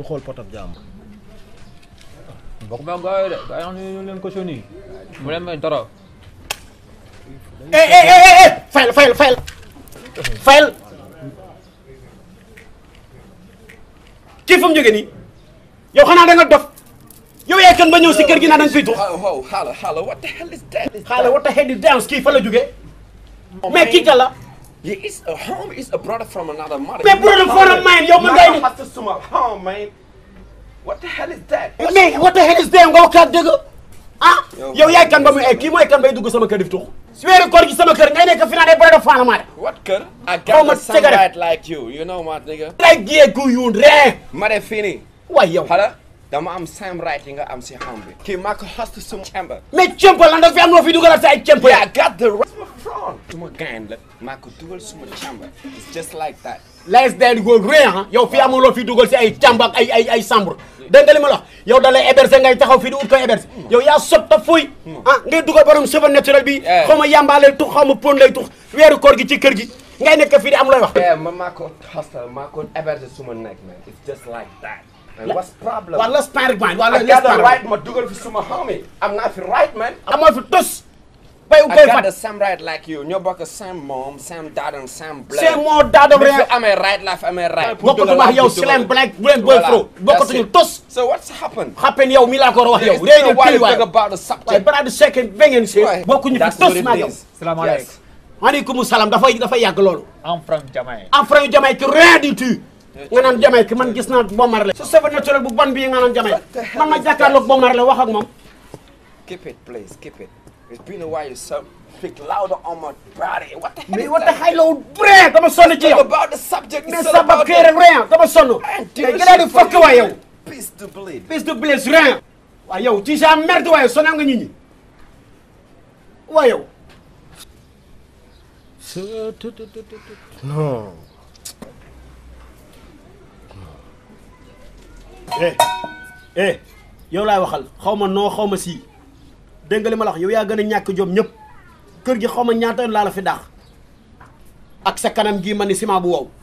du xool potab jàmm. bokk naa gars yi de gars yi ñu leen ko cautionné. mu leen may dara. Eh, eh, eh, fayal fayal fayal. fayal. kii fu mu nii. yow xanaa da nga dof. yow yaay kan ba ñëw si kër gi naa dañ fiy tuux. xaala xaala what the hell is that. kii fa la jógee. mais kii kan Yeah, it's a home is a brother from another mother. But brother from mine, yo man. My master's to my home, man. What the hell is that? Eh, mais what the hell is that nga waxaat dëgg ah yow yaay kan ba muy eh, kii mooy kan bay dugg sama kër dif tux si weeru koor gi sama kër ngay nekk fi naa day brother from mine. What kër? I got somebody like you, you know what nigga? Like you go you re. Mare fini. Waay yow. Hala dama am same right yi nga am si xam bi. Kii maa ko host suma chamber. Mais chamber la nga fi am noo fi dugalal sa ay chamber. Yeah, I got the right. suma gain la maa ko dugal suma càmbar it's just like that. les deel góor réew ah, yow fii amuloo fi dugal si ay càmb ak ay ay ay chambre dégg nga li ma la wax yow da lay héberger ngay taxaw fii di ut ko héberger hmm. yow yaa sob ta fuy hmm. ah ngay dugal borom cheveux naturel bi eh. xaw ma yàmbaa lay tux xaw ma pon lay tux weeru koor gi ci kër gi ngay nekk fii di am looy wax. Eh, man maa ko hostel maa ko héberger suma nekk man it's just like that. what's problem. wala star man wala star man ma dugal fi suma xaw ma am naa fi right man. amoo fi tos. bay koy fat the same right like you ñoo the same mom same dad and same black same mom dad am I'm a right life, I'm a right bokkatu ma yow slime black black boy fro your tos so what's happened Happened yow mi laa here. Then you réew about the subject but at the second bengen si bokkuñu fi tos ma yow salaamaaleykum maaleykum salaam dafay dafay yàgg loolu en franc jamaay en franc jamaay ki rien du tout nga naan jamaay ki man gis naa bomar So su sebe naturel bu ban bii nga naan jamaay man ma jàkkaarloog bomar la wax ak keep it please keep it It's been a while, so speak louder on my body. What the hell mais what the hell old brain dama sonn ci yow. Talk about the subject. mais ça va créer rien nga nit ñi waaye yow. non. eh eh yow waxal xaw ma non xaw ma sii. dégg nga ma la yow yaa gën a ñàkk jom ñëpp kër gi xaw ma ñaata laa la fi daax ak sa kanam gii ma ni ciment bu wow